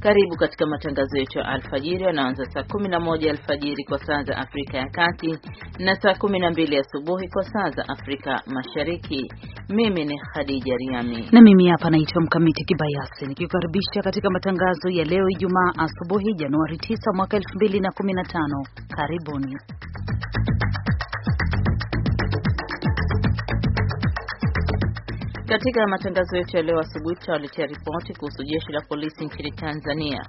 Karibu katika matangazo yetu ya alfajiri yanaanza saa 11 alfajiri kwa saa za Afrika ya Kati na saa 12 asubuhi kwa saa za Afrika Mashariki. Mimi ni Khadija Riami na mimi hapa naitwa Mkamiti Kibayasi nikikaribisha katika matangazo ya leo Ijumaa asubuhi Januari 9 mwaka 2015. Karibuni. Katika matangazo yetu ya leo asubuhi tutawaletea ripoti kuhusu jeshi la polisi nchini Tanzania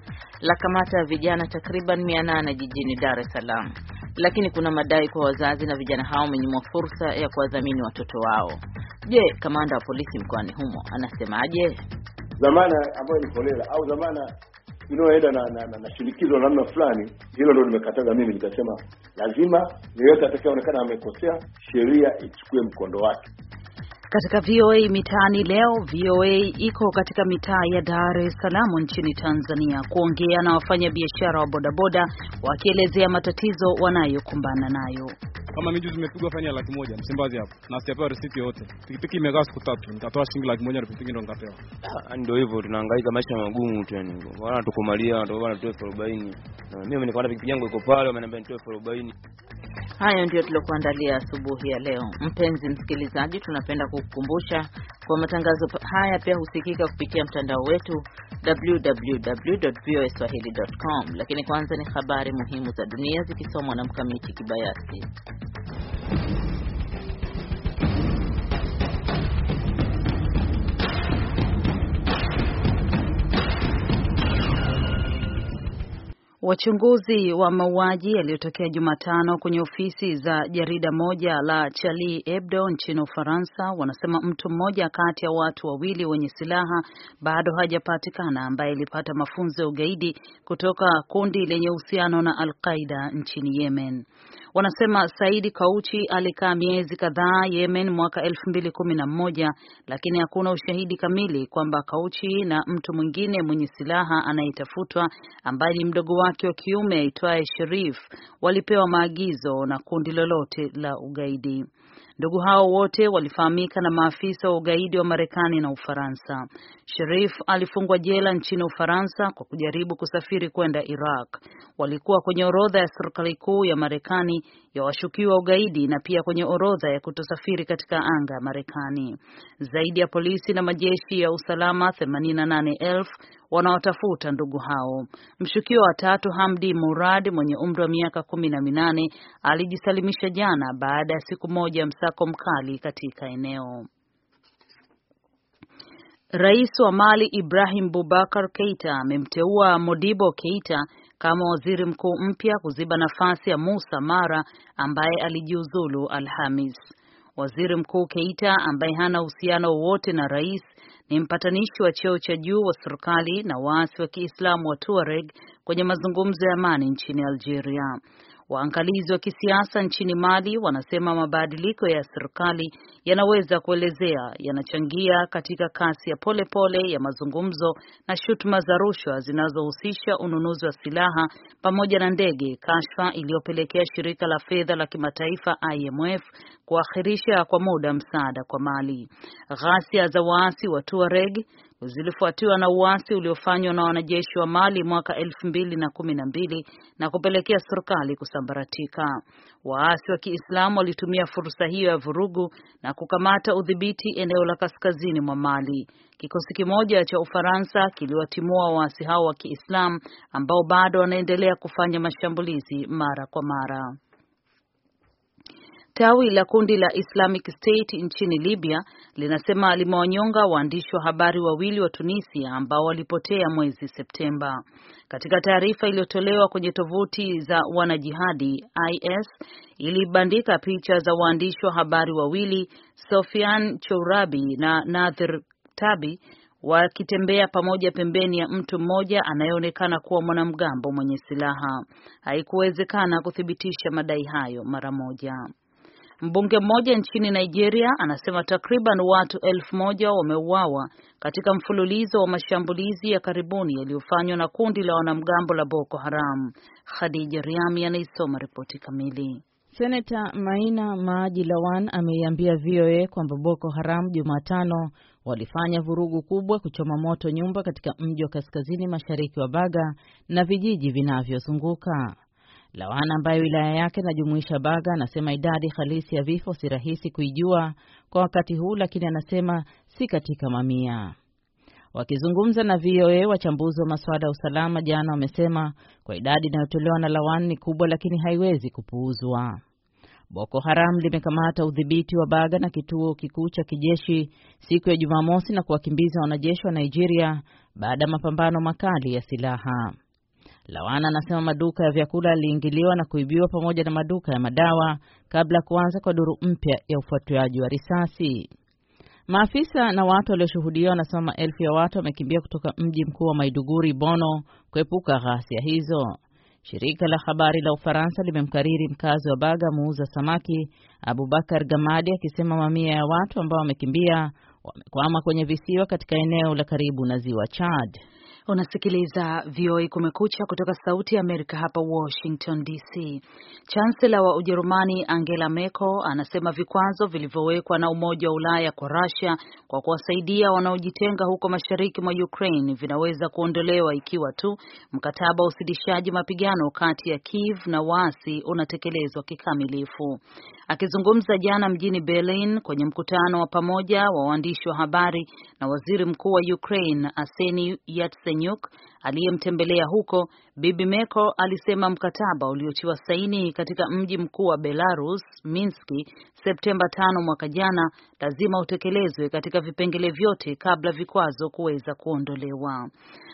la kamata ya vijana takriban 800 jijini Dar es Salaam, lakini kuna madai kwa wazazi na vijana hao wamenyimwa fursa ya kuwadhamini watoto wao. Je, kamanda wa polisi mkoani humo anasemaje? Dhamana ambayo ni holela au dhamana inayoenda na, na, na, na shinikizo la namna fulani, hilo ndio nimekataza mimi, nikasema lazima yeyote atakayeonekana amekosea sheria ichukue mkondo wake. Katika VOA Mitaani leo, VOA iko katika mitaa ya Dar es Salaam nchini Tanzania kuongea na wafanyabiashara wa bodaboda wakielezea matatizo wanayokumbana nayo. Kama mimi juzi nimepigwa faini ya laki moja Msimbazi hapo na sijapewa risiti yote. Pikipiki imekaa siku tatu, nitatoa shilingi laki moja na pikipiki ndo nikapewa. Ah, ndio hivyo tunahangaika maisha magumu tena. bwana tukumalia ndio bwana tuwe 40. Mimi nikaona pikipiki yangu iko pale, wameniambia nitoe 40. Hayo ndio tulokuandalia asubuhi ya leo. Mpenzi msikilizaji, tunapenda kukukumbusha kwa matangazo haya pia husikika kupitia mtandao wetu www.voaswahili.com. Lakini kwanza ni habari muhimu za dunia zikisomwa na Mkamiti Kibayasi. Wachunguzi wa mauaji yaliyotokea Jumatano kwenye ofisi za jarida moja la Charlie Hebdo nchini Ufaransa wanasema mtu mmoja kati ya watu wawili wenye silaha bado hajapatikana ambaye alipata mafunzo ya ugaidi kutoka kundi lenye uhusiano na Al-Qaida nchini Yemen. Wanasema Saidi Kauchi alikaa miezi kadhaa Yemen mwaka 2011 lakini hakuna ushahidi kamili kwamba Kauchi na mtu mwingine mwenye silaha anayetafutwa ambaye ni mdogo wake wa kiume aitwaye Sherif walipewa maagizo na kundi lolote la ugaidi. Ndugu hao wote walifahamika na maafisa wa ugaidi wa Marekani na Ufaransa. Sherif alifungwa jela nchini Ufaransa kwa kujaribu kusafiri kwenda Iraq. Walikuwa kwenye orodha ya serikali kuu ya Marekani ya washukiwa ugaidi na pia kwenye orodha ya kutosafiri katika anga ya Marekani. Zaidi ya polisi na majeshi ya usalama 88,000 wanaotafuta ndugu hao. Mshukiwa wa tatu Hamdi Murad mwenye umri wa miaka kumi na minane alijisalimisha jana baada ya siku moja ya msako mkali katika eneo. Rais wa Mali Ibrahim Boubacar Keita amemteua Modibo Keita kama waziri mkuu mpya kuziba nafasi ya Musa Mara ambaye alijiuzulu Alhamis. Waziri Mkuu Keita ambaye hana uhusiano wowote na rais ni mpatanishi wa cheo cha juu wa serikali na waasi wa Kiislamu wa Tuareg kwenye mazungumzo ya amani nchini Algeria. Waangalizi wa kisiasa nchini Mali wanasema mabadiliko ya serikali yanaweza kuelezea yanachangia katika kasi ya polepole pole ya mazungumzo na shutuma za rushwa zinazohusisha ununuzi wa silaha pamoja na ndege, kashfa iliyopelekea shirika la fedha la kimataifa IMF kuakhirisha kwa muda msaada kwa Mali. Ghasia za waasi wa Tuareg zilifuatiwa na uasi uliofanywa na wanajeshi wa Mali mwaka elfu mbili na kumi na mbili na kupelekea serikali kusambaratika. Waasi wa Kiislamu walitumia fursa hiyo ya vurugu na kukamata udhibiti eneo la kaskazini mwa Mali. Kikosi kimoja cha Ufaransa kiliwatimua waasi hao wa Kiislamu ambao bado wanaendelea kufanya mashambulizi mara kwa mara. Tawi la kundi la Islamic State nchini Libya linasema limewanyonga waandishi wa habari wawili wa Tunisia ambao walipotea mwezi Septemba. Katika taarifa iliyotolewa kwenye tovuti za wanajihadi, IS ilibandika picha za waandishi wa habari wawili Sofian Chourabi na Nadir Tabi wakitembea pamoja pembeni ya mtu mmoja anayeonekana kuwa mwanamgambo mwenye silaha. Haikuwezekana kuthibitisha madai hayo mara moja. Mbunge mmoja nchini Nigeria anasema takriban watu elfu moja wameuawa katika mfululizo wa mashambulizi ya karibuni yaliyofanywa na kundi la wanamgambo la Boko Haram. Khadija Riami anaisoma ripoti kamili. Senata Maina Maaji Lawan ameiambia VOA kwamba Boko Haram Jumatano walifanya vurugu kubwa kuchoma moto nyumba katika mji wa kaskazini mashariki wa Baga na vijiji vinavyozunguka. Lawana ambayo wilaya yake inajumuisha Baga anasema idadi halisi ya vifo si rahisi kuijua kwa wakati huu, lakini anasema si katika mamia. Wakizungumza na VOA, wachambuzi wa masuala ya usalama jana wamesema kwa idadi inayotolewa na Lawan ni kubwa, lakini haiwezi kupuuzwa. Boko Haram limekamata udhibiti wa Baga na kituo kikuu cha kijeshi siku ya Jumamosi na kuwakimbiza wanajeshi wa Nigeria baada ya mapambano makali ya silaha. Lawana anasema maduka ya vyakula yaliingiliwa na kuibiwa pamoja na maduka ya madawa kabla ya kuanza kwa duru mpya ya ufuatiliaji wa risasi. Maafisa na watu walioshuhudia wanasema maelfu ya watu wamekimbia kutoka mji mkuu wa Maiduguri, Bono, kuepuka ghasia hizo. Shirika la habari la Ufaransa limemkariri mkazi wa Baga, muuza samaki Abubakar Gamadi, akisema mamia ya watu ambao wamekimbia wamekwama kwenye visiwa katika eneo la karibu na ziwa Chad. Unasikiliza VOA Kumekucha kutoka Sauti ya Amerika hapa Washington DC. Chansela wa Ujerumani Angela Merkel anasema vikwazo vilivyowekwa na Umoja wa Ulaya kwa Russia kwa kuwasaidia wanaojitenga huko mashariki mwa Ukraine vinaweza kuondolewa ikiwa tu mkataba wa usitishaji mapigano kati ya Kiev na waasi unatekelezwa kikamilifu. Akizungumza jana mjini Berlin kwenye mkutano wa pamoja wa waandishi wa habari na Waziri Mkuu wa Ukraine Arseniy Yatsenyuk огонек aliyemtembelea huko, Bibi Meko alisema mkataba uliotiwa saini katika mji mkuu wa Belarus, Minski, Septemba tano mwaka jana lazima utekelezwe katika vipengele vyote kabla vikwazo kuweza kuondolewa.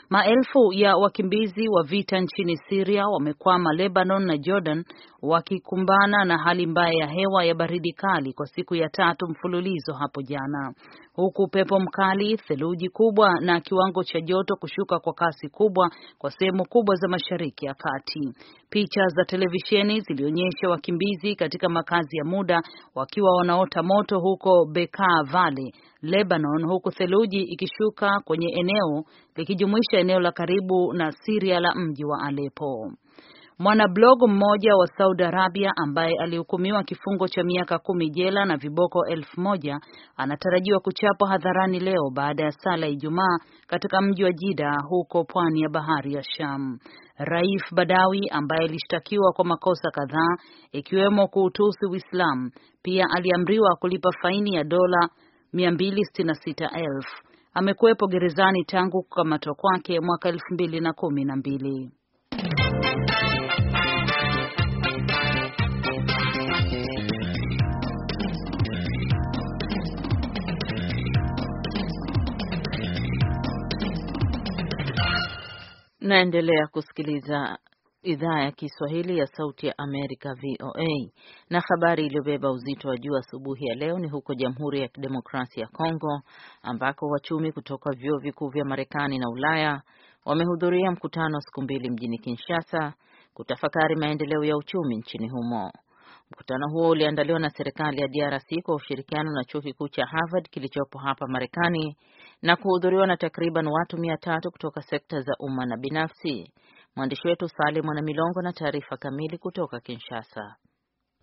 Maelfu ya wakimbizi wa vita nchini Syria wamekwama Lebanon na Jordan wakikumbana na hali mbaya ya hewa ya baridi kali kwa siku ya tatu mfululizo hapo jana, huku pepo mkali, theluji kubwa na kiwango cha joto kushuka kwa kasi kubwa mkubwa kwa sehemu kubwa za Mashariki ya Kati. Picha za televisheni zilionyesha wakimbizi katika makazi ya muda wakiwa wanaota moto huko Bekaa Valley, Lebanon, huku theluji ikishuka kwenye eneo likijumuisha eneo la karibu na Syria la mji wa Aleppo. Mwanablogu mmoja wa Saudi Arabia ambaye alihukumiwa kifungo cha miaka kumi jela na viboko elfu moja anatarajiwa kuchapwa hadharani leo baada ya sala Ijumaa katika mji wa Jida huko pwani ya bahari ya Sham. Raif Badawi ambaye alishtakiwa kwa makosa kadhaa ikiwemo kuutusi Uislamu pia aliamriwa kulipa faini ya dola 266,000. Amekuwepo gerezani tangu kukamatwa kwake mwaka 2012. Naendelea kusikiliza idhaa ya Kiswahili ya Sauti ya Amerika, VOA. Na habari iliyobeba uzito wa juu asubuhi ya leo ni huko Jamhuri ya Kidemokrasia ya Kongo, ambako wachumi kutoka vyuo vikuu vya Marekani na Ulaya wamehudhuria mkutano wa siku mbili mjini Kinshasa kutafakari maendeleo ya uchumi nchini humo. Mkutano huo uliandaliwa na serikali ya DRC kwa ushirikiano na chuo kikuu cha Harvard kilichopo hapa Marekani na kuhudhuriwa na takriban watu mia tatu kutoka sekta za umma na binafsi. Mwandishi wetu Salim Mwana Milongo na taarifa kamili kutoka Kinshasa.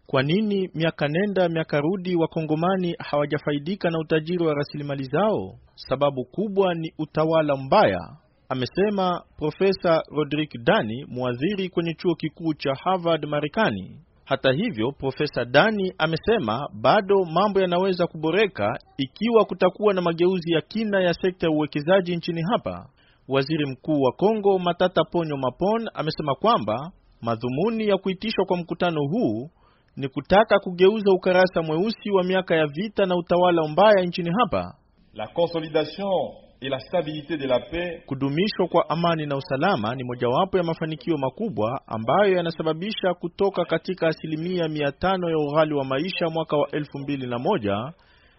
Kwa nini miaka nenda miaka rudi wakongomani hawajafaidika na utajiri wa rasilimali zao? Sababu kubwa ni utawala mbaya, amesema Profesa Rodrick Dani, mwadhiri kwenye chuo kikuu cha Harvard Marekani. Hata hivyo, Profesa Dani amesema bado mambo yanaweza kuboreka ikiwa kutakuwa na mageuzi ya kina ya sekta ya uwekezaji nchini hapa. Waziri Mkuu wa Kongo Matata Ponyo Mapon amesema kwamba madhumuni ya kuitishwa kwa mkutano huu ni kutaka kugeuza ukarasa mweusi wa miaka ya vita na utawala mbaya nchini hapa. La consolidation Kudumishwa kwa amani na usalama ni mojawapo ya mafanikio makubwa ambayo yanasababisha kutoka katika asilimia mia tano ya ughali wa maisha mwaka wa elfu mbili na moja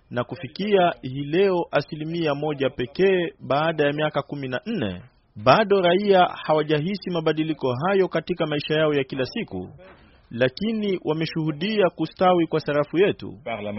na kufikia hii leo asilimia moja pekee baada ya miaka kumi na nne. Bado raia hawajahisi mabadiliko hayo katika maisha yao ya kila siku, lakini wameshuhudia kustawi kwa sarafu yetu par la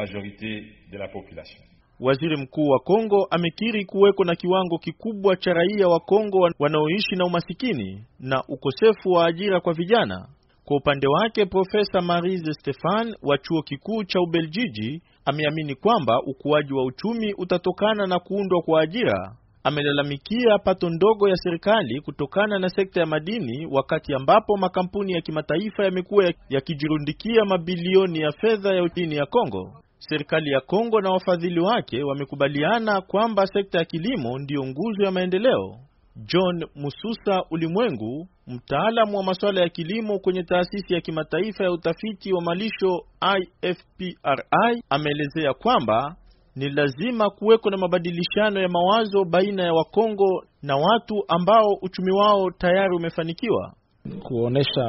de la population. Waziri Mkuu wa Kongo amekiri kuweko na kiwango kikubwa cha raia wa Kongo wanaoishi na umasikini na ukosefu wa ajira kwa vijana. Kwa upande wake, Profesa Marise Stefan wa Chuo Kikuu cha Ubeljiji ameamini kwamba ukuaji wa uchumi utatokana na kuundwa kwa ajira. Amelalamikia pato ndogo ya serikali kutokana na sekta ya madini, wakati ambapo makampuni ya kimataifa yamekuwa yakijirundikia mabilioni ya fedha ya uchini ya Kongo. Serikali ya Kongo na wafadhili wake wamekubaliana kwamba sekta ya kilimo ndiyo nguzo ya maendeleo. John Mususa Ulimwengu, mtaalamu wa masuala ya kilimo kwenye taasisi ya kimataifa ya utafiti wa malisho IFPRI, ameelezea kwamba ni lazima kuweko na mabadilishano ya mawazo baina ya Wakongo na watu ambao uchumi wao tayari umefanikiwa kuonesha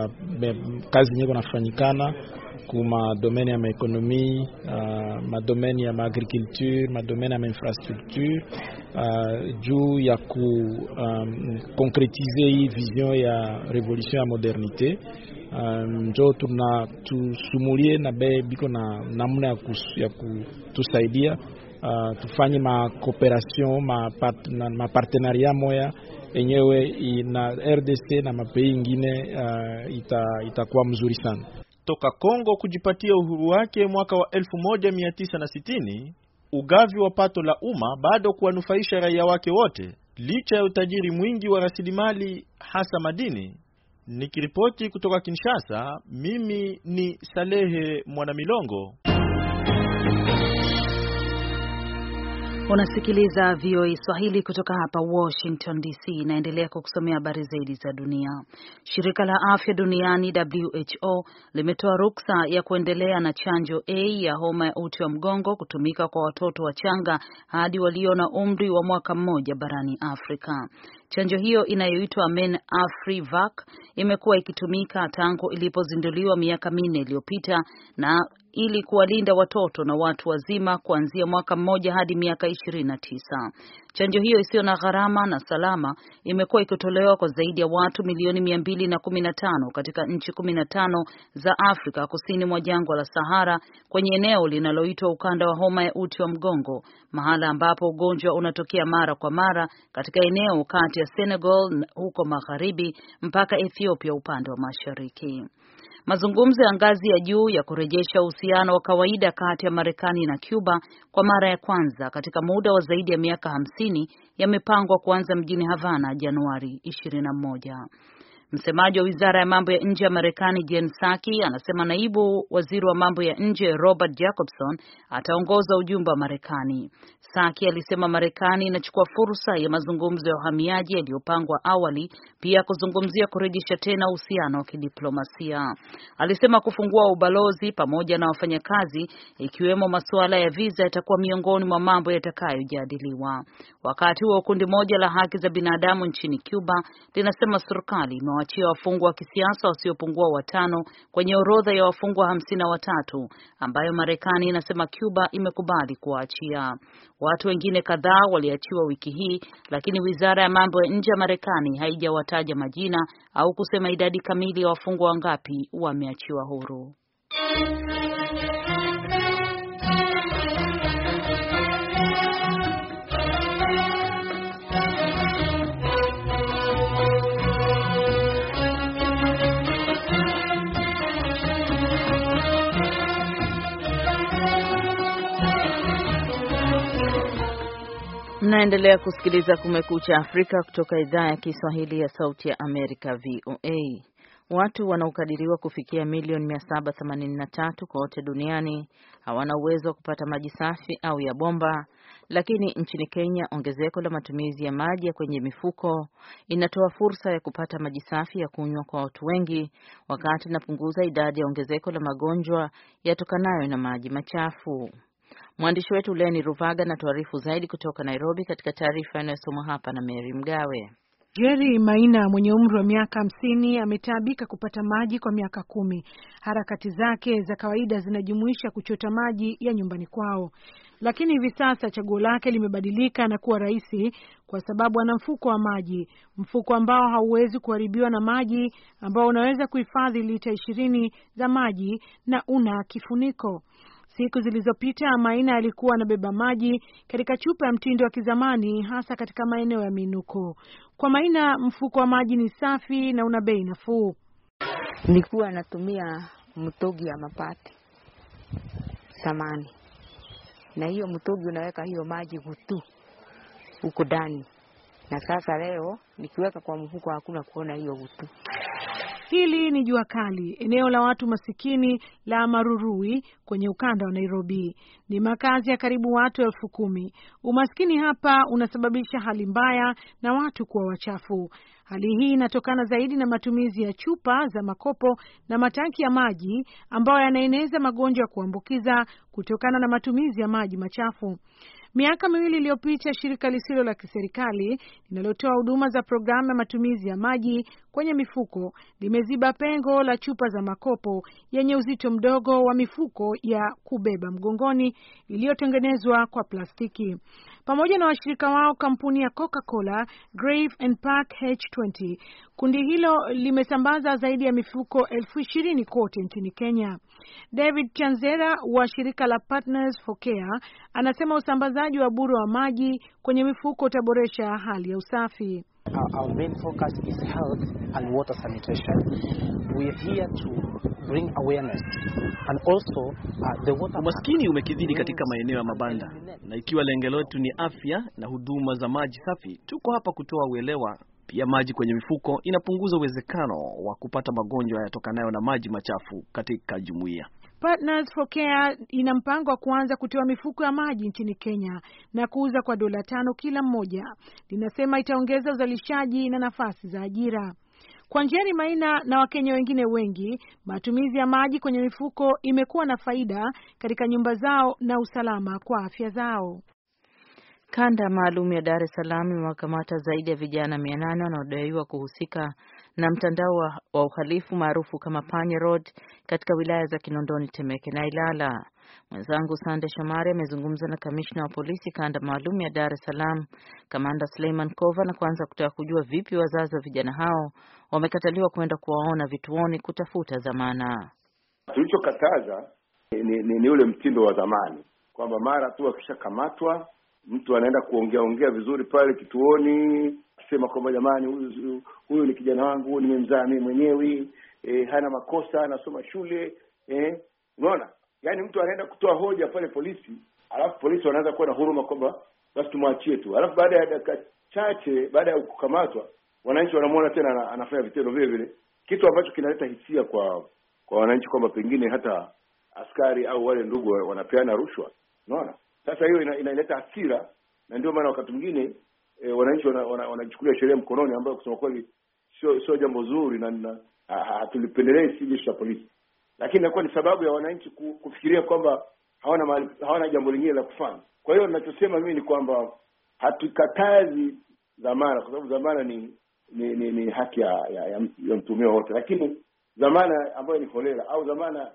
kazi nyeko nafanyikana ku madomaine ya maekonomi uh, madomeni ya maagriculture madomaine ya mainfrastructure uh, juu ya ku um, hii vision ya revolution ya modernité njo um, tuna tusumulie na be biko na namna ya, ya kutusaidia uh, tufanye makooperation mapartenaria ma moya enyewe na RDC na mapei ingine uh, ita, itakuwa mzuri sana. Toka Kongo kujipatia uhuru wake mwaka wa 1960 ugavi wa pato la umma bado kuwanufaisha raia wake wote licha ya utajiri mwingi wa rasilimali hasa madini. Nikiripoti kutoka Kinshasa, mimi ni Salehe Mwanamilongo. Unasikiliza VOA Swahili kutoka hapa Washington DC. Inaendelea kukusomea habari zaidi za dunia. Shirika la Afya Duniani WHO limetoa ruksa ya kuendelea na chanjo A ya homa ya uti wa mgongo kutumika kwa watoto wachanga hadi walio na umri wa mwaka mmoja barani Afrika. Chanjo hiyo inayoitwa MenAfriVac imekuwa ikitumika tangu ilipozinduliwa miaka minne iliyopita na ili kuwalinda watoto na watu wazima kuanzia mwaka mmoja hadi miaka ishirini na tisa. Chanjo hiyo isiyo na gharama na salama imekuwa ikitolewa kwa zaidi ya watu milioni mia mbili na kumi na tano katika nchi kumi na tano za Afrika kusini mwa jangwa la Sahara kwenye eneo linaloitwa ukanda wa homa ya uti wa mgongo, mahala ambapo ugonjwa unatokea mara kwa mara katika eneo kati ya Senegal huko magharibi mpaka Ethiopia upande wa mashariki. Mazungumzo ya ngazi ya juu ya kurejesha uhusiano wa kawaida kati ya Marekani na Cuba kwa mara ya kwanza katika muda wa zaidi ya miaka hamsini yamepangwa kuanza mjini Havana Januari 21. Msemaji wa wizara ya mambo ya nje ya Marekani Jen Psaki anasema naibu waziri wa mambo ya nje Robert Jacobson ataongoza ujumbe wa Marekani. Psaki alisema Marekani inachukua fursa ya mazungumzo ya uhamiaji yaliyopangwa awali, pia kuzungumzia kurejesha tena uhusiano wa kidiplomasia. Alisema kufungua ubalozi pamoja na wafanyakazi, ikiwemo masuala ya visa, yatakuwa miongoni mwa mambo yatakayojadiliwa. Wakati huo, kundi moja la haki za binadamu nchini Cuba linasema serikali kuwaachia wafungwa wa kisiasa wasiopungua watano kwenye orodha ya wafungwa hamsini na watatu ambayo Marekani inasema Cuba imekubali kuwaachia. Watu wengine kadhaa waliachiwa wiki hii, lakini wizara ya mambo ya nje ya Marekani haijawataja majina au kusema idadi kamili ya wafungwa wangapi wameachiwa huru. Mnaendelea kusikiliza Kumekucha Afrika kutoka idhaa ya Kiswahili ya Sauti ya Amerika, VOA. Watu wanaokadiriwa kufikia milioni 783 kote duniani hawana uwezo wa kupata maji safi au ya bomba, lakini nchini Kenya ongezeko la matumizi ya maji ya kwenye mifuko inatoa fursa ya kupata maji safi ya kunywa kwa watu wengi, wakati inapunguza idadi ya ongezeko la magonjwa yatokanayo na maji machafu. Mwandishi wetu Leni Ruvaga na tuarifu zaidi kutoka Nairobi, katika taarifa inayosomwa hapa na Mary Mgawe. Jerry Maina mwenye umri wa miaka hamsini ametaabika kupata maji kwa miaka kumi. Harakati zake za kawaida zinajumuisha kuchota maji ya nyumbani kwao, lakini hivi sasa chaguo lake limebadilika na kuwa rahisi kwa sababu ana mfuko wa maji, mfuko ambao hauwezi kuharibiwa na maji, ambao unaweza kuhifadhi lita ishirini za maji na una kifuniko. Siku zilizopita Maina alikuwa anabeba maji katika chupa ya mtindo wa kizamani, hasa katika maeneo ya miinuko. Kwa Maina, mfuko wa maji ni safi na una bei nafuu. Nilikuwa natumia mtogi ya mapati samani, na hiyo mtogi unaweka hiyo maji gutu huko ndani, na sasa leo nikiweka kwa mfuko hakuna kuona hiyo gutu. Hili ni jua kali, eneo la watu masikini la Marurui kwenye ukanda wa Nairobi. Ni makazi ya karibu watu elfu kumi. Umaskini hapa unasababisha hali mbaya na watu kuwa wachafu. Hali hii inatokana zaidi na matumizi ya chupa za makopo na matanki ya maji ambayo yanaeneza magonjwa ya kuambukiza kutokana na matumizi ya maji machafu. Miaka miwili iliyopita, shirika lisilo la kiserikali linalotoa huduma za programu ya matumizi ya maji kwenye mifuko limeziba pengo la chupa za makopo yenye uzito mdogo wa mifuko ya kubeba mgongoni iliyotengenezwa kwa plastiki. Pamoja na washirika wao kampuni ya Coca-Cola, Grave and Park H20, kundi hilo limesambaza zaidi ya mifuko elfu ishirini kote nchini Kenya. David Chanzera wa shirika la Partners for Care anasema usambazaji wa bure wa maji kwenye mifuko utaboresha hali ya usafi. Umaskini umekithiri katika maeneo ya mabanda, na ikiwa lengo letu ni afya na huduma za maji safi, tuko hapa kutoa uelewa pia maji kwenye mifuko inapunguza uwezekano wa kupata magonjwa yatokanayo na maji machafu katika jumuiya. Partners for Care ina mpango wa kuanza kutoa mifuko ya maji nchini Kenya na kuuza kwa dola tano kila mmoja. Linasema itaongeza uzalishaji na nafasi za ajira. Kwa Njeri Maina na Wakenya wengine wengi, matumizi ya maji kwenye mifuko imekuwa na faida katika nyumba zao na usalama kwa afya zao. Kanda maalum ya Dar es Salaam imewakamata zaidi ya vijana 800 wanaodaiwa kuhusika na mtandao wa uhalifu maarufu kama Panya Road katika wilaya za Kinondoni, Temeke na Ilala. Mwenzangu Sande Shomari amezungumza na kamishna wa polisi kanda maalum ya Dar es Salaam, Kamanda Suleiman Kova, na kuanza kutaka kujua vipi wazazi wa vijana hao wamekataliwa kwenda kuwaona vituoni kutafuta dhamana. Tulichokataza ni, ni, ni ule mtindo wa zamani kwamba mara tu wakishakamatwa mtu anaenda kuongea ongea vizuri pale kituoni, sema kwamba jamani, huyu huyu ni kijana wangu, nimemzaa mimi mwenyewe e, hana makosa, anasoma shule e, unaona. Yaani mtu anaenda kutoa hoja pale polisi, alafu polisi wanaanza kuwa na huruma kwamba basi tumwachie tu, alafu baada ya dakika chache baada ya kukamatwa, wananchi wanamuona tena anafanya vitendo vile vile, kitu ambacho kinaleta hisia kwa kwa wananchi kwamba pengine hata askari au wale ndugu wanapeana rushwa, unaona. Sasa hiyo ina, inaleta hasira na ndio maana wakati mwingine e, wananchi wanachukulia wana, wana sheria mkononi ambayo kusema kweli sio sio jambo zuri na hatulipendelei si jeshi la polisi, lakini inakuwa ni sababu ya wananchi kufikiria kwamba hawana mali, hawana jambo lingine la kufanya. Kwa hiyo ninachosema mimi ni kwamba hatukatazi dhamana, kwa sababu dhamana ni ni, ni, ni haki ya, ya, ya, ya wote, lakini dhamana ambayo ni holela au dhamana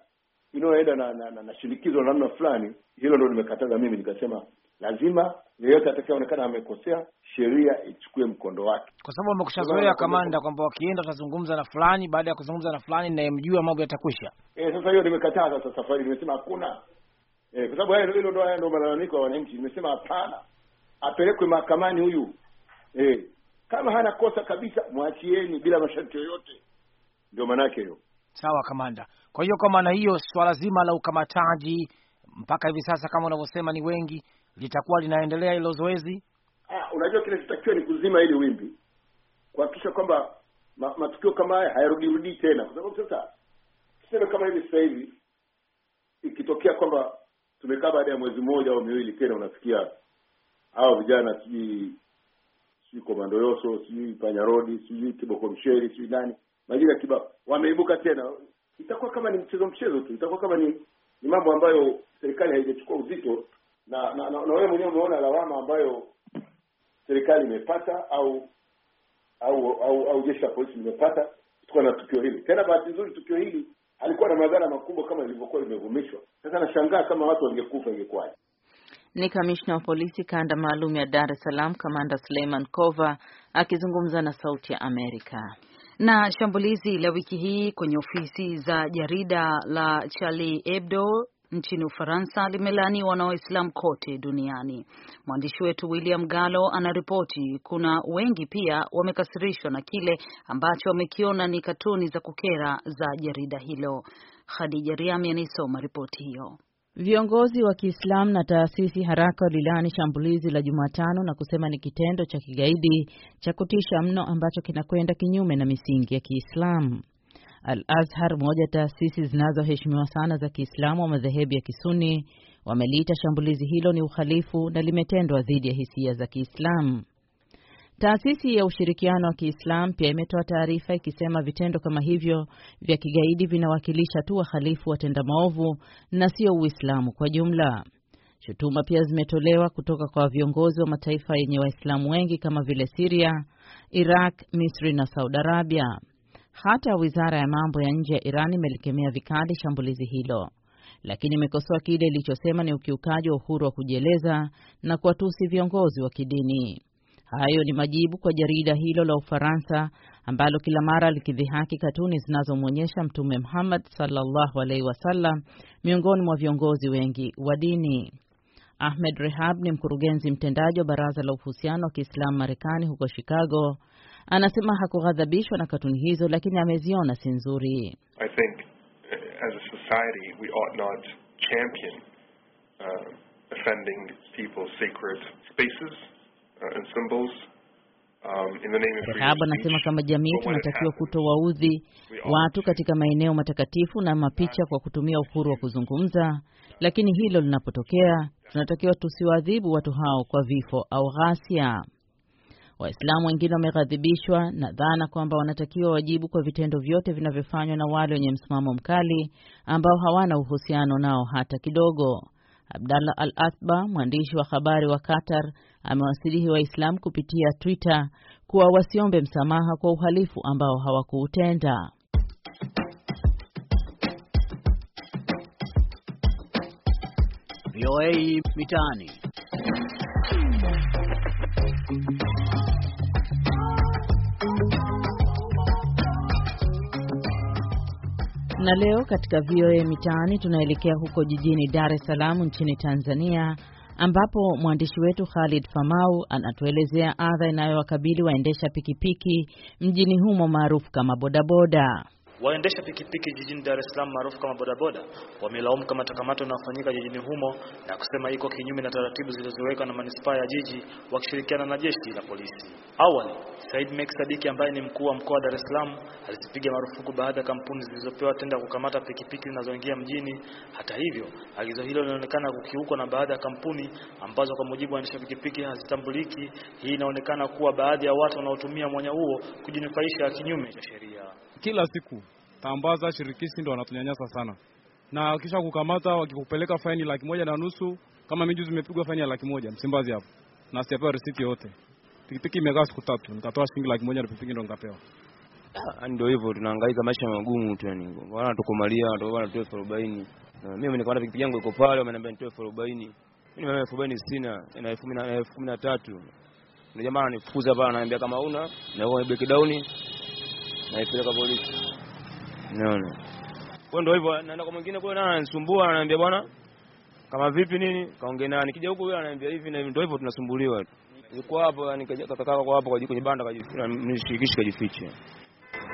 inayoenda na, na, na, na shinikizo la namna fulani, hilo ndo nimekataza mimi, nikasema lazima yeyote atakayeonekana amekosea sheria ichukue mkondo wake, kwa sababu amekushazoea kamanda, kwamba wakienda watazungumza na fulani, baada ya kuzungumza na fulani nayemjua mambo yatakwisha. E, sasa hiyo nimekataza. Sasa safari nimesema hakuna e, kwa sababu hayo hilo ndo haya ndo malalamiko ya wananchi. Nimesema hapana, apelekwe mahakamani huyu e, kama hana kosa kabisa mwachieni bila masharti yoyote. Ndio maana hiyo. Sawa kamanda. Kwa hiyo kwa maana hiyo, swala zima la ukamataji mpaka hivi sasa, kama unavyosema, ni wengi, litakuwa linaendelea hilo zoezi. Ah, unajua kinachotakiwa ni kuzima hili wimbi, kuhakikisha kwamba matukio kama haya hayarudirudii tena, kwa sababu sasa tuseme kama hivi sasa hivi ikitokea kwamba tumekaa baada ya mwezi mmoja au miwili, tena unasikia hao vijana sijui sijui Komando Yoso sijui Panyarodi sijui Kiboko Msheri sijui nani majira kibao wameibuka tena, itakuwa kama ni mchezo mchezo tu, itakuwa kama ni ni mambo ambayo serikali haijachukua uzito, na na, na, na wewe mwenyewe umeona lawama ambayo serikali imepata au au au, au jeshi la polisi limepata kutokana na tukio hili. Tena bahati nzuri tukio hili halikuwa na madhara makubwa kama ilivyokuwa limevumishwa. Sasa nashangaa kama watu wangekufa ingekuwaje? Ni kamishna wa polisi kanda maalum ya Dar es Salaam, Kamanda Suleiman Kova akizungumza na Sauti ya Amerika. Na shambulizi la wiki hii kwenye ofisi za jarida la Charlie Hebdo nchini Ufaransa limelaaniwa na Waislamu kote duniani. Mwandishi wetu William Gallo anaripoti. Kuna wengi pia wamekasirishwa na kile ambacho wamekiona ni katuni za kukera za jarida hilo. Khadija Riami anaisoma ripoti hiyo. Viongozi wa Kiislamu na taasisi haraka walilaani shambulizi la Jumatano na kusema ni kitendo cha kigaidi cha kutisha mno ambacho kinakwenda kinyume na misingi ya Kiislamu. Al Azhar, moja taasisi zinazoheshimiwa sana za Kiislamu wa madhehebu ya Kisuni, wameliita shambulizi hilo ni uhalifu na limetendwa dhidi ya hisia za Kiislamu. Taasisi ya ushirikiano wa Kiislamu pia imetoa taarifa ikisema vitendo kama hivyo vya kigaidi vinawakilisha tu wahalifu watenda maovu na sio Uislamu kwa jumla. Shutuma pia zimetolewa kutoka kwa viongozi wa mataifa yenye Waislamu wengi kama vile Siria, Iraq, Misri na Saudi Arabia. Hata wizara ya mambo ya nje ya Iran imelikemea vikali shambulizi hilo, lakini imekosoa kile ilichosema ni ukiukaji wa uhuru wa kujieleza na kuwatusi viongozi wa kidini. Hayo ni majibu kwa jarida hilo la Ufaransa ambalo kila mara likidhihaki katuni zinazomwonyesha Mtume Muhammad sallallahu alaihi wasallam miongoni mwa viongozi wengi wa dini. Ahmed Rehab ni mkurugenzi mtendaji wa Baraza la Uhusiano wa Kiislamu Marekani huko Chicago. Anasema hakughadhabishwa na katuni hizo, lakini ameziona si nzuri. Uh, Kahaba uh, um, anasema kama jamii tunatakiwa kutowaudhi watu katika maeneo matakatifu na mapicha kwa kutumia uhuru wa kuzungumza, lakini hilo linapotokea, tunatakiwa tusiwaadhibu watu hao kwa vifo au ghasia. Waislamu wengine wameghadhibishwa na dhana kwamba wanatakiwa wajibu kwa vitendo vyote vinavyofanywa na wale wenye msimamo mkali ambao hawana uhusiano nao hata kidogo. Abdallah Al Atba, mwandishi wa habari wa Qatar, amewasilihi Waislamu kupitia Twitter kuwa wasiombe msamaha kwa uhalifu ambao hawakuutenda. VOA Mitaani. Na leo katika VOA Mitaani tunaelekea huko jijini Dar es Salaam nchini Tanzania, ambapo mwandishi wetu Khalid Famau anatuelezea adha inayowakabili waendesha pikipiki mjini humo maarufu kama bodaboda. Waendesha pikipiki jijini Dar es Salaam maarufu kama bodaboda wamelaumu kamata kamata inayofanyika jijini humo na kusema iko kinyume na taratibu zilizowekwa na manispaa ya jiji wakishirikiana na jeshi la polisi. Awali, Said Mek Sadiki ambaye ni mkuu wa mkoa wa Dar es Salaam alizipiga marufuku baadhi ya kampuni zilizopewa tenda kukamata pikipiki zinazoingia mjini. Hata hivyo, agizo hilo linaonekana kukiukwa na baadhi ya kampuni ambazo kwa mujibu wa waendesha pikipiki hazitambuliki. Hii inaonekana kuwa baadhi ya watu wanaotumia mwanya huo kujinufaisha kinyume cha sheria kila siku. Tambaza shirikishi ndio wanatunyanyasa sana, na kisha kukamata wakikupeleka faini laki moja na nusu. Kama mimi juzi nimepigwa faini ya laki moja Msimbazi hapo, na sijapewa risiti yote. Pikipiki imekaa siku tatu, nikatoa shilingi laki moja na pikipiki ndio nikapewa. Ah, ndio hivyo tunahangaika maisha magumu tu, yani bwana, tukomalia bwana, tutoe elfu arobaini. Mimi nikamata pikipiki yangu iko pale, wameniambia nitoe elfu arobaini. Mimi elfu arobaini sina na elfu kumi na tatu na jamaa ananifukuza hapa ananiambia kama una na wewe breakdown naipeleka polisi. Unaona, kwa ndio hivyo. Naenda kwa mwingine kule, na anisumbua, ananiambia bwana, kama vipi nini, kaongea naye. Nikija huko, yeye ananiambia hivi na hivi, ndio hivyo, tunasumbuliwa tu. Nilikuwa hapo, nikaja kaka kwa hapo kwenye banda, kajishirikisha, kajificha.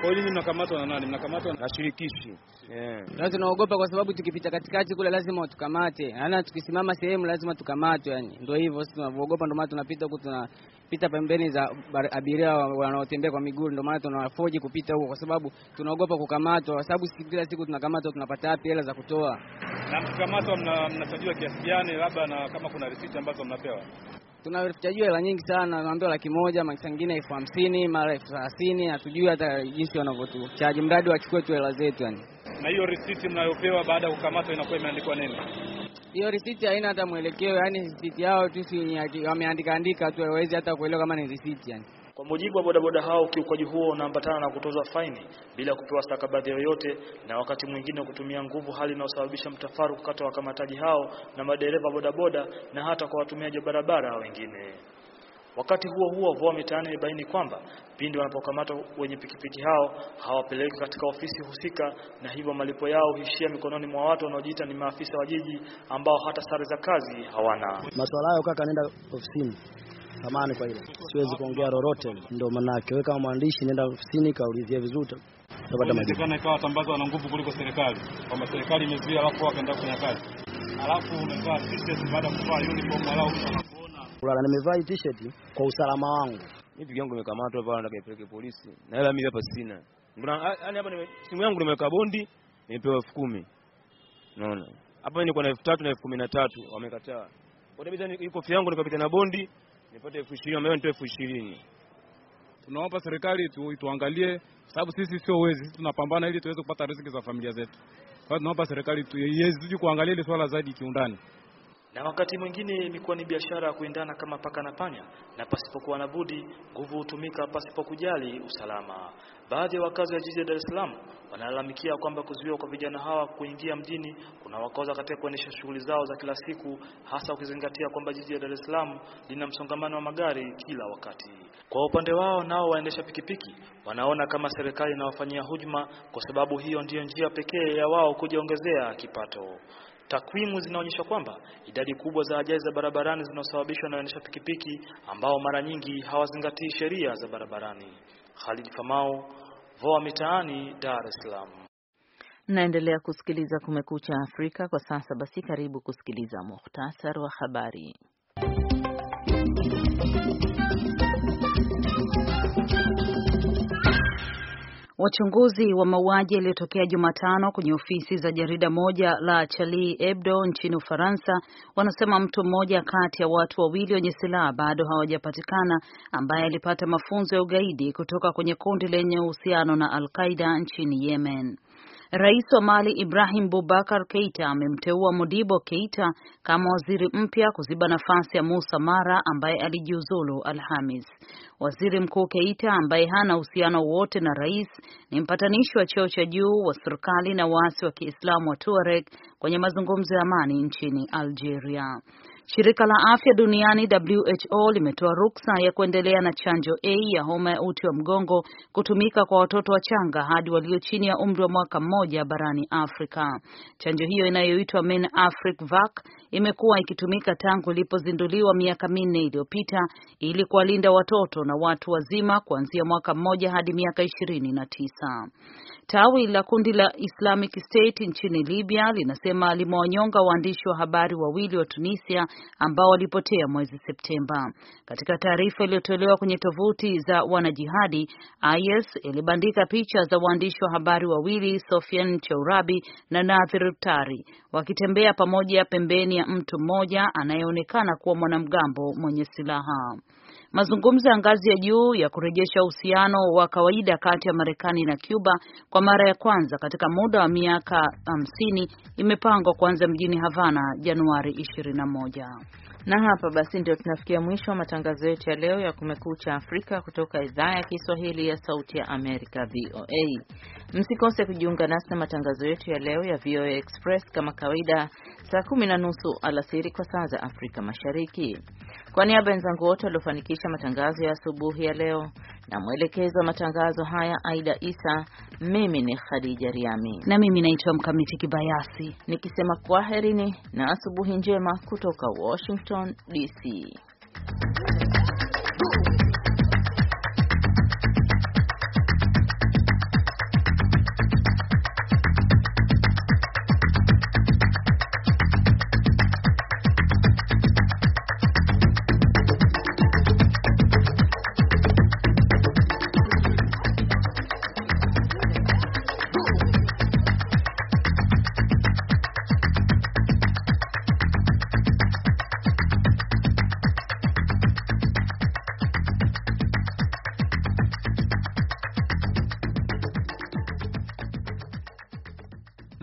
Kwa nini mnakamatwa na nani? Mnakamatwa na shirikishi. Eh. Yeah. Na tunaogopa kwa sababu tukipita katikati kule lazima watukamate. Yaani tukisimama sehemu lazima tukamatwe yani. Ndio hivyo sisi tunavoogopa ndio maana tunapita huko tuna kupita pembeni za abiria wanaotembea kwa miguu. Ndio maana tunawafoji kupita huko, kwa sababu tunaogopa kukamatwa, kwa sababu kila siku tunakamatwa. Tunapata wapi hela za kutoa? Na mkikamatwa mnachajiwa kiasi gani? Labda na kama kuna risiti ambazo mnapewa tunachajiwa hela nyingi sana, naambiwa laki moja, mara nyingine elfu hamsini, mara elfu thelathini. Hatujui hata jinsi wanavyotuchaji, mradi wachukue tu hela zetu yani. Na hiyo risiti mnayopewa baada ya kukamatwa inakuwa imeandikwa nini? hiyo risiti haina hata mwelekeo, yani risiti yao tu si wameandika andika tu, hawezi hata kuelewa kama ni risiti yani. Kwa mujibu wa bodaboda hao, ukiukaji huo unaambatana na kutozwa faini bila kupewa stakabadhi yoyote, na wakati mwingine kutumia nguvu, hali inayosababisha mtafaruku kati ya wakamataji hao na madereva bodaboda na hata kwa watumiaji wa barabara wengine. Wakati huo huo, VOA Mitaani imebaini kwamba pindi wanapokamatwa wenye pikipiki hao hawapeleki katika ofisi husika, na hivyo malipo yao huishia mikononi mwa watu wanaojiita ni maafisa wa jiji ambao hata sare za kazi hawana. Masuala hayo kaka, nenda ofisini samani kwa hilo, siwezi kuongea lolote, ndio manake wewe kama mwandishi nenda ofisini kaulizia vizuri utapata majibu. Kana ikawa tambazo na nguvu kuliko serikali, kwamba serikali imezuia, alafu wakaenda kufanya kazi, alafu unakaa baada ya kuvaa uniform alafu kulala, nimevaa hii t-shirt kwa usalama wangu. Mimi pigi yangu imekamatwa hapa, nataka ipeleke polisi, na hela mimi hapa sina. Mbona yani hapa simu yangu nimeweka bondi, nimepewa elfu kumi unaona hapa mimi niko na elfu tatu na elfu kumi na tatu wamekataa. Kwa hiyo iko kofia yangu nikapita na bondi nipate elfu ishirini ambayo nitoe elfu ishirini Tunaomba serikali tu, tuangalie sababu sisi sio wezi, sisi tunapambana ili tuweze kupata riziki za familia zetu. Kwa hiyo tunaomba serikali tu, iweze kuangalia ile swala zaidi kiundani na wakati mwingine imekuwa ni biashara ya kuendana kama paka na panya, na pasipokuwa na budi nguvu hutumika pasipokujali usalama. Baadhi ya wakazi wa jiji la Dar es Salaam wanalalamikia kwamba kuzuiwa kwa vijana hawa kuingia mjini kunawakoza katika kuendesha shughuli zao za kila siku, hasa ukizingatia kwamba jiji la Dar es Salaam lina msongamano wa magari kila wakati. Kwa upande wao, nao waendesha pikipiki wanaona kama serikali inawafanyia hujuma, kwa sababu hiyo ndiyo njia pekee ya wao kujiongezea kipato. Takwimu zinaonyesha kwamba idadi kubwa za ajali za barabarani zinasababishwa na waendesha pikipiki ambao mara nyingi hawazingatii sheria za barabarani. Khalid Famao, VOA Mitaani, Dar es Salaam. Naendelea kusikiliza Kumekucha Afrika kwa sasa. Basi karibu kusikiliza muhtasari wa habari. Wachunguzi wa mauaji yaliyotokea Jumatano kwenye ofisi za jarida moja la Charlie Hebdo nchini Ufaransa wanasema mtu mmoja kati ya watu wawili wenye silaha bado hawajapatikana ambaye alipata mafunzo ya ugaidi kutoka kwenye kundi lenye uhusiano na Al-Qaida nchini Yemen. Rais wa Mali Ibrahim Boubacar Keita amemteua Modibo Keita kama waziri mpya kuziba nafasi ya Musa Mara ambaye alijiuzulu Alhamis. Waziri Mkuu Keita ambaye hana uhusiano wote na rais ni mpatanishi wa cheo cha juu wa serikali na waasi wa Kiislamu wa Tuareg kwenye mazungumzo ya amani nchini Algeria. Shirika la Afya Duniani WHO limetoa ruksa ya kuendelea na chanjo A ya homa ya uti wa mgongo kutumika kwa watoto wachanga hadi walio chini ya umri wa mwaka mmoja barani Afrika. Chanjo hiyo inayoitwa Vac imekuwa ikitumika tangu ilipozinduliwa miaka minne iliyopita ili kuwalinda watoto na watu wazima kuanzia mwaka mmoja hadi miaka ishirini na tisa. Tawi la kundi la Islamic State nchini Libya linasema limewanyonga waandishi wa habari wawili wa Tunisia ambao walipotea mwezi Septemba. Katika taarifa iliyotolewa kwenye tovuti za wanajihadi, IS ilibandika picha za waandishi wa habari wawili Sofian Chaurabi na Nadhir Tari wakitembea pamoja pembeni ya mtu mmoja anayeonekana kuwa mwanamgambo mwenye silaha. Mazungumzo ya ngazi ya juu ya kurejesha uhusiano wa kawaida kati ya Marekani na Cuba kwa mara ya kwanza katika muda wa miaka 50 imepangwa kuanza mjini Havana Januari 21. Na hapa basi ndio tunafikia mwisho wa matangazo yetu ya leo ya Kumekucha Afrika kutoka idhaa ya Kiswahili ya Sauti ya Amerika, VOA. Msikose kujiunga nasi na matangazo yetu ya leo ya VOA Express kama kawaida, saa kumi na nusu alasiri kwa saa za Afrika Mashariki. Kwa niaba ya wenzangu wote waliofanikisha matangazo ya asubuhi ya leo na mwelekezi wa matangazo haya Aida Isa, mimi ni Khadija Riami na mimi naitwa Mkamiti Kibayasi nikisema kwaherini na asubuhi njema kutoka Washington DC.